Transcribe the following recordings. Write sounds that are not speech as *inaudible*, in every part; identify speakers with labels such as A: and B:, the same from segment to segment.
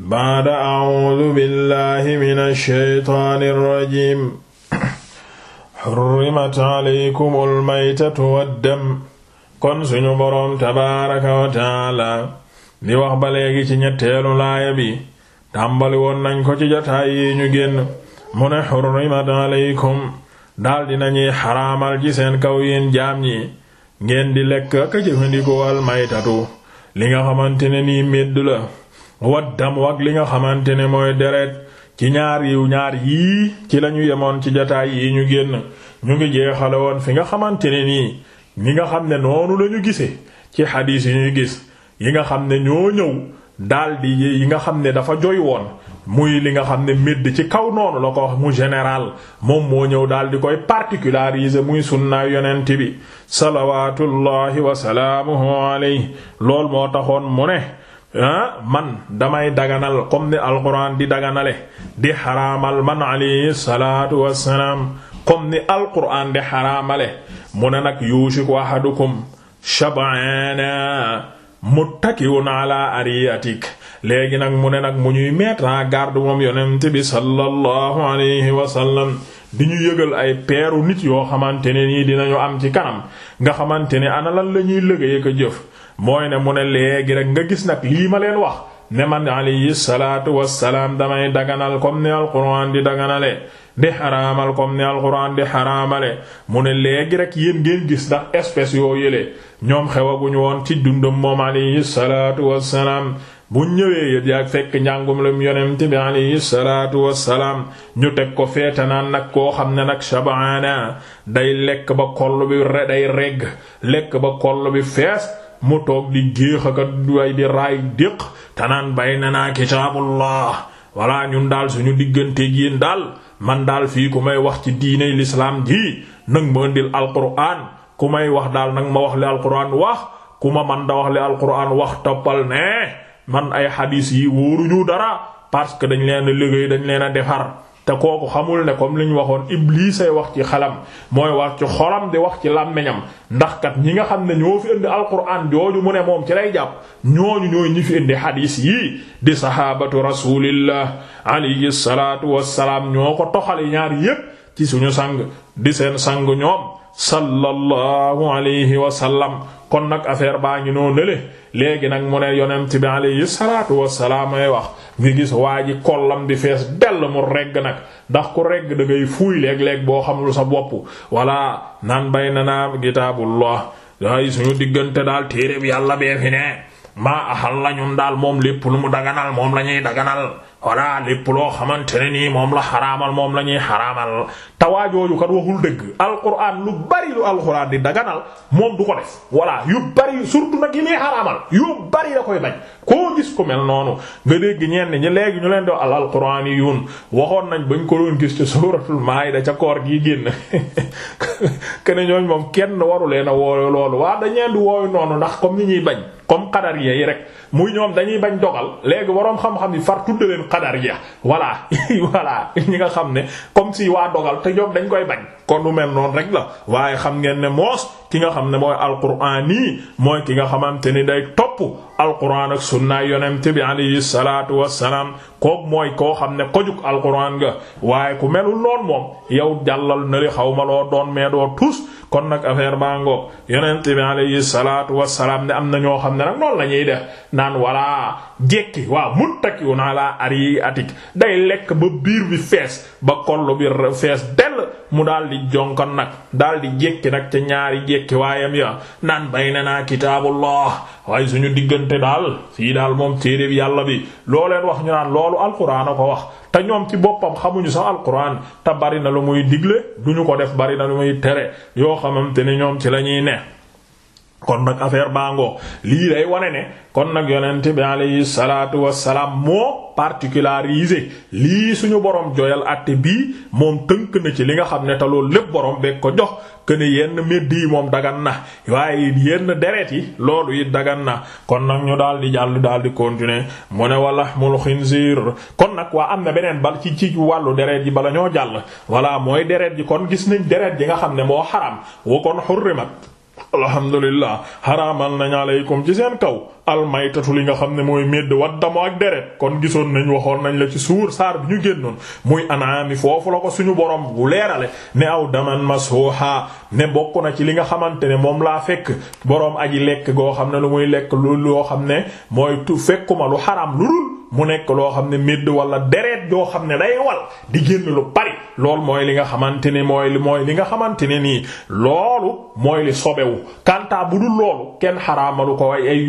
A: baada acuudu billahi min alsheytaan alrajim xurrimat calaykum almaytatu waddam kon suñu boroom tabaaraka wa taala di wax ba léegi ci ñetteelu laaya bi tàmbali nañ ko ci jotaay yi ñu génn mu ne xurrimat calaykum daldi nañuy xaraamal ci seen kaw yéen jaam ñi ngeen di lekk ak jëfandikoo almaytatu li nga xamante ne nii waddam wak li nga xamante ne mooy deret ci ñaar yiw ñaar yii ci lañu yemoon ci jataay yi ñu génn ñu ngi jeexale woon fi nga xamante ne nii ni nga xam ne noonu lañu gisee ci xadiis yi ñuy gis yi nga xam ne ñoo ñëw daldi yi nga xam ne dafa joy woon muy li nga xam ne médd ci kaw noonu la ko wax mu général moom moo ñëw daldi koy particulariser muy sunnaay yonent bi salawaatullahi wasalaamuhu alayhi lool moo taxoon mu ne man damay daganal comme ni alquran di daganale di xaraamal man alayhi wassalaam comme ni alquran di xaraamale mu ne nag yuushiku ahadukum shab'ana muttaki'un ala ariyatik léegi nag mu ne nag mu ñuy mettre en garde moom yonent bi sallallahu alayhi wa di ñu yëgal ay peeru nit yoo xamante ne nii dinañu am ci kanam nga xamante ni ana lan la ñuy liggéey ko jëf mooy ne mu ne léegi rek nga gis nag lii ma leen wax ne man alayhi salaatu wassalaam damay daganal comme ni alquran di daganale di xaraamal comme ni alquran di xaraamale mu ne léegi rek yéen ngeen gis ndax espèce yoo yëlee ñoom xewaguñu woon ci dundam moom alayhi salaatu wassalaam bu ñëwee yaa fekk njàngum lam yonent bi alayhi salaatu wassalaam ñu teg ko feetanaan nag koo xam ne nag shabaana day lekk ba koll bi day regg lekk ba mu toog di géex ak way di raay déq tanaan bay na naa kitaabullah walla ñun daal suñu diggante yéen daal man daal fii ku may wax ci diiney lislaam ji nag ma indil alquran ku may wax daal nag ma wax li alquran wax ku ma man da wax li alquran wax toppal ne man ay xadiis yi wóoruñu dara parce que dañ leen a liggéey leen a defar te kooku xamul ne comme li ñu waxoon iblisay wax ci xalam mooy wax ci xolam di wax ci làmmiñam ndax kat ñi nga xam ne ñoo fi indi alquran jooju mu ne moom ci lay jàpp ñooñu ñooy ñi fi indi xadiis yii di sahabatu rasulillah alayhi salatu wassalaam ñoo ko toxale ñaar yépp ci suñu sang di seen sang ñoom sallallahu alayhi wa sallam kon nag affaire baa ngi noo nële léegi nag mu ne yonent bi alayhi salaatu wassalaam ay wax ngi gis waa ji kollam bi fees dell mu regg nag ndax ku regg da ngay fuuy léeg-léeg boo xamul sa bopp walla naan bay na naa kitaabullah waaye suñu diggante daal téere bi yàlla bee fi ne maa axal la ñun daal moom lépp lu mu daganal moom la ñuy daganal voilà lépp loo xamante ne nii moom la xaraamal moom la ñuy xaraamal tawaajooju kat waxul dëgg alquran lu bari lu alquran di daganal moom du ko def voilà yu bari surtout nag yi muy xaraamal yu bari da koy bañ koo gis ko mel noonu nga dégg ñenn léegi ñu leen di al alquran yi yun waxoon nañ bañ ko doon gis ci suratul da ca koor gi génn *laughs* kene ñooñ moom kenn waru leen a woowe loolu waa dañeen di woowe noonu ndax comme ni ñuy bañ comme xadar yi rek muy ñoom dañuy bañ dogal léegi waroom xam-xam yi far tudd leen qadariya voilà *laughs* voilà ñi nga xam ne comme si waa dogal te ñoom dañ koy bañ kon lu mel noon rek la waaye xam ngeen ne moos ki nga xam ne mooy alquraan yi mooy ki nga xamante ni day topp alquraan ak sunna yonent bi alayhi salaatu wassalaam kook mooy koo xam ne kojug alquraan nga waaye ku melul noonu moom yow jàllal na li xaw ma loo doon mais tus kon nag affaire baa ngoog yonent bi alayhi salaatu wassalaam ne am na ñoo xam ne nag noonu la ñuy naan walla jekki waaw muttaki'un ala ari'atik day lekk ba biir bi fees ba kollu bi fees dell mu daal di jonkon nag daal di jekki nag ca ñaari jekki waayam ya naan baynanaa kitaabullah waaye suñu diggante daal sii daal moom téere bi yàlla bi loo leen wax ñu naan loolu alquran a ko wax te ñoom ci boppam xamuñu sax alquran te bari na lu muy digle duñu ko def bari na lu muy tere yoo xamante ne ñoom ci lañuy ne kon nag affaire bango lii day wane ne kon nag yonent bi alayhi salaatu wassalaam moo particularisé lii suñu borom joyal àtte bii moom tënk na ci li nga xam ne te loolu lépp borom beeg ko jox këne yenn medd yi moom dagan na waaye yenn deret yi loolu it dagan na kon nag ñu daal di jàll daal di continuer mu ne wala mul xinziir kon nag waa am na beneen bal ci ci wàllu deret yi bala ñoo jàll voilà mooy deret yi kon gis nañ deret yi nga xam ne moo xaram wa kon xurrimat alhamdulillah xaraamal nañ aleykum ci seen kaw almaytatu li nga xam ne mooy médd wat damo ak deret kon gisoon nañ waxoon nañ la ci suur saar bi ñu génnoon muy anaami foofu la ko suñu borom bu leerale ne aw daman masooha ne bokk na ci li nga xamante ne moom laa fekk borom aji lekk goo xam ne lu muy lekk lu loo xam ne mooy tu fekkuma lu xaram lu dul mu nekk loo xam ne médd wala deret joo xam ne day wal di génn lu bari loolu mooy li nga xamante ne mooy mooy li nga xamante ne nii loolu mooy li sobewu kanta bu dul loolu kenn xaraamalu ko ay ay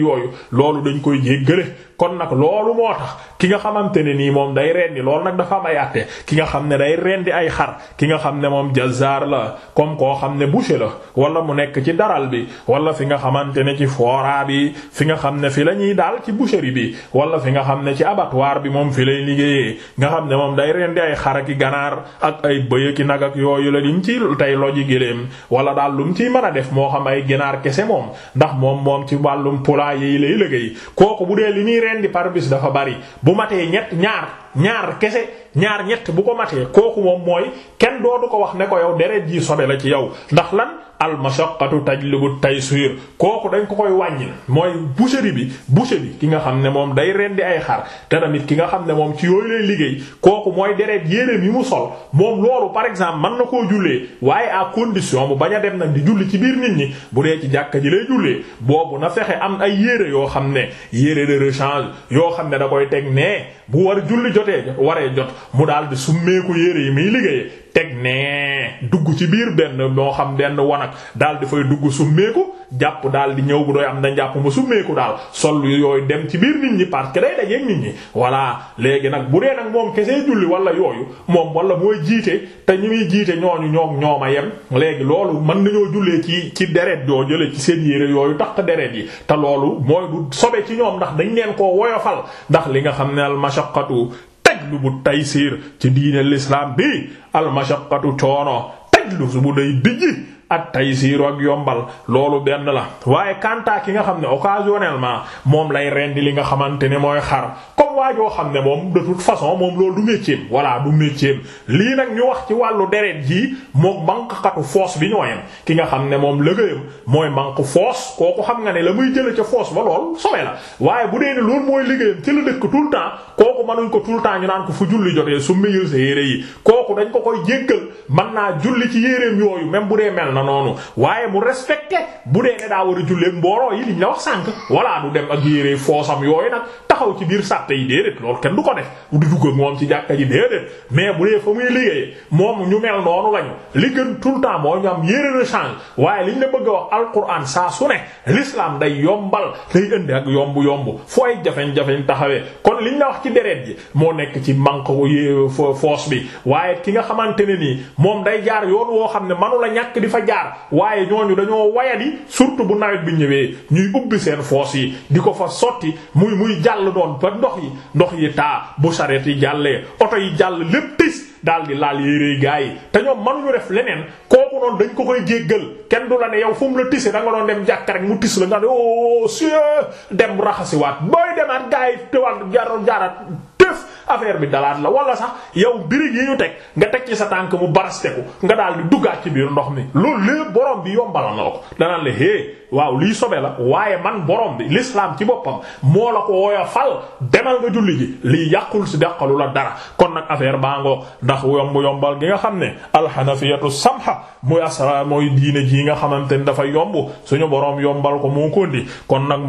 A: yooyu loolu dañ koy jéggale kon nag loolu moo tax ki nga xamante ne nii moom day rendi lool nag dafa am ay àtte ki nga xam ne day rendi ay xar ki nga xam ne moom jazaar la comme koo xam ne boucher la wala mu nekk ci daral bi wala fi nga xamante ne ci fora bi fi nga xam ne fi la ñuy daal ci boucherie bi wala fi nga xam ne ci abattoir bi moom fi lay liggéeyee nga xam ne moom day rendi ay xar ak ganaar ak ay bëy ki nag ak yooyu la lim ci tey loji géléem wala daal lu mu ciy mën a def moo xam ay ginaar kese moom ndax moom moom ci wàllum poulailler yi lay liggéey kooku bu dee li rendi par bis dafa bari bu matee ñett ñaar ñaar kese ñaar ñett bu ko matee kooku moom mooy kenn doodu ko wax ne ko yow deret ji sobe la ci yow ndax lan taj mashaqqatu tajlibu taysir kooku dañ ko koy wàññil mooy boucherie bi boucher ki nga xam ne moom day rendi ay xar te tamit ki nga xam ne moom ci yooyu lay liggéey kooku mooy deret yéreem yi mu sol moom loolu par exemple man na koo jullee waaye à condition bu bañ a dem nag di julli ci biir nit ñi bu dee ci jàkka ji lay jullee boobu na fexe am ay yére yoo xam ne yére de rechange yoo xam ne da koy teg nee bu war julli jotee waree jot mu daal di summeeku yére yi muy liggéeyee teg nee dugg ci biir benn moo xam benn wanag daal di fay dugg summeeku jàpp daal di ñëw bu dooy am da jàpp ma summeeku daal sol yooyu dem ci biir nit ñi parce que day dajeeg nit ñi voilà léegi nag bu dee nag moom kesee julli wala yooyu moom wala mooy jiite te ñi muy jiite ñooñu ñoo ñoom ñooma yem léegi loolu mën nañoo jullee ci ci deret yoo jële ci seen yére yooyu tax te deret yi te loolu mooy du sobe ci ñoom ndax dañ leen koo woyofal ndax li nga xam ne al mashaqqatu tajlubu taysiir ci diine l'islam bi almashaqqatu coono tajlu su bu day dijji ak taysiir ak yombal loolu benn la waaye kantaa ki nga xam ne occasionnellement moom lay rendi li nga xamante ne mooy xar comme waa xam ne moom de toute façon moom loolu du métier voilà du métier lii nag ñu wax ci wàllu deret ji moom manqkatu foos bi ñoo yem ki nga xam ne moom lëgëyam mooy manque foos kooku xam nga ne la muy jële ca foos ba lool sobe la waaye bu dee ne loolu mooy liggéeyam ci la dëkk tout kooku mënuñ ko tout le temps ñu naan ko fu julli jotee su meyul sa yére yi kooku dañ ko koy jéggal mën naa julli ci yéreem yooyu même bu dee mel na noonu waaye mu respecté bu dee ne war a jullee mbooloo yi liñ la wax sànq walla du dem ak yére foosam yooyu nag taxaw ci biir sàtte yi déedéet loolu kenn du ko def du dugg ak moom ci jàkka ji déedéet mais bu dee fa muy liggéeyee moom ñu mel noonu lañu li gën tout le temps mooy ñu am yére de change waaye liñ la bëgg a wax alquran saa su ne l'islam day yombal day indi ak yomb yomb fooy jafeñ-jafeñ taxawee kon liñ la wax ci deret ji moo nekk ci manque foos bi waaye jaar waaye ñooñu dañoo wayadi surtout bu nawet bi ñëwee ñuy ubbi seen foos yi di ko fa sotti muy muy jàll doon ba ndox yi ndox yi taa bu charrette yi jàllee oto yi jàll lépp tis daal di laal yéeréy gaa yi te ñoom mënuñu def leneen kooku noonu dañ ko koy jéggal kenn du la ne yow fu mu la tise da nga doon dem jàkka mu tis la nga ne oh dem raxasiwaat booy demaat gaa yi teewaat jaral jaarat tëf affaire bi dalaat la wala sax yow birig yi ñu teg nga teg ci sa tànk mu barasteku nga daal di duggaat ci biir ndox mi loolu lépp borom bi yombala na ko danaan la hé waaw lii sobe la waaye man boroom bi lislaam ci boppam moo la ko wooya fal demal nga julli ji lii yàqul si dàqalu la dara kon nag affaire baa ngoog ndax yomb yombal gi nga xam ne alxanafiyatu samha muy asra mooy diine ji nga xamante ni dafay yomb suñu boroom yombal ko mu ko indi kon nag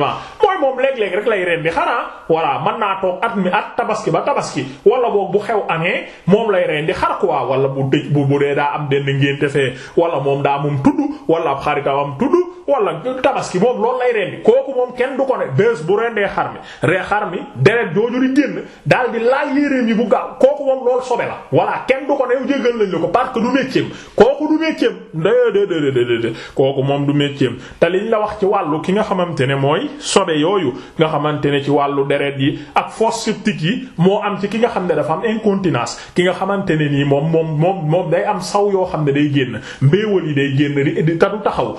A: finalement mooy moom léeg-léeg rek lay rendi xanaa voilà man naa toog at mi at tabaski ba tabaski wala boo bu xew amee moom lay rendi xar quoi wala bu dëj bu bu daa am denn ngénte fee wala moom daa moom tudd wala ab xaritam am tudd wala tabaski moom loolu kooku moom kenn du ko ne bés bu rendee xar mi ree xar mi deret jooju di génn daal di laal yéreem yi bu gaaw kooku moom loolu sobe la voilà kenn du ko ne yow jéggal lañ la ko parce que du métier kooku du métier déedéedéedéedéet kooku moom du métier te liñ la wax ci wàllu ki nga xamante ne mooy sobe yooyu nga xamante ne ci wàllu deret yi ak fosse septique yi moo am ci ki nga xam ne dafa am incontinence ki nga xamante ne nii moom moom moom moom day am saw yoo xam ne day génn mbéewal yi day génn di tadu taxaw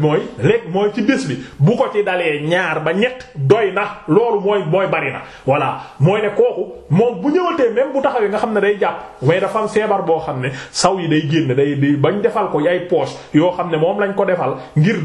A: mooy léeg mooy ci bés bi bu ko ci dalee ñaar ba ñett doy na loolu mooy mooy bari na voilà mooy ne kooku moom bu ñëwatee même bu taxawee nga xam ne day jàpp waaye dafa am feebar boo xam ne saw yi day génn day di bañ defal ko ay poche yoo xam ne moom lañ ko defal ngir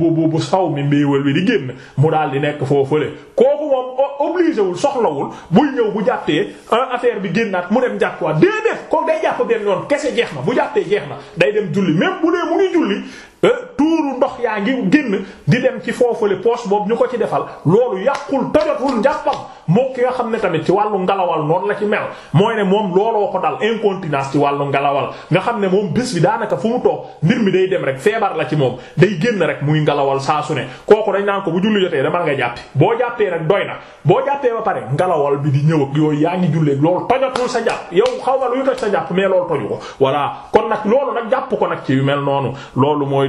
A: bu bu bu saw mi mbéywal bi di génn mu daal di nekk foofule kooku moom obligé wul soxlawul buy ñëw bu jàppee euh, affaire bi génnaat mu dem jàppuwaat dee def kooku day jàpp benn yoon kese jeex na bu jàppee jeex na day dem julli même bu dee mu ngi julli Eh, tuuru ndox yaa ngi génn di dem ci foofule poche boobu ñu ko ci defal loolu yàqul tojotul njàppam moo ki nga xam ne tamit ci wàllu ngalawal noonu la ci mel mooy ne moom looloo ko dal incontinence ci wàllu ngalawal nga xam ne moom bés bi daanaka fu mu toog mbir mi day dem rek feebar la ci moom day génn rek muy ngalawal saa su ne kooku dañ naan ko bu julli jotee damal nga jàppi boo jàppee rek doy na boo jàppee ba pare ngalawal bi di ñëw yooyu yaa ngi julleeg loolu tojotul sa jàpp xaw ma luy toj sa jàpp mais loolu ko voilà kon noonu loolu mooy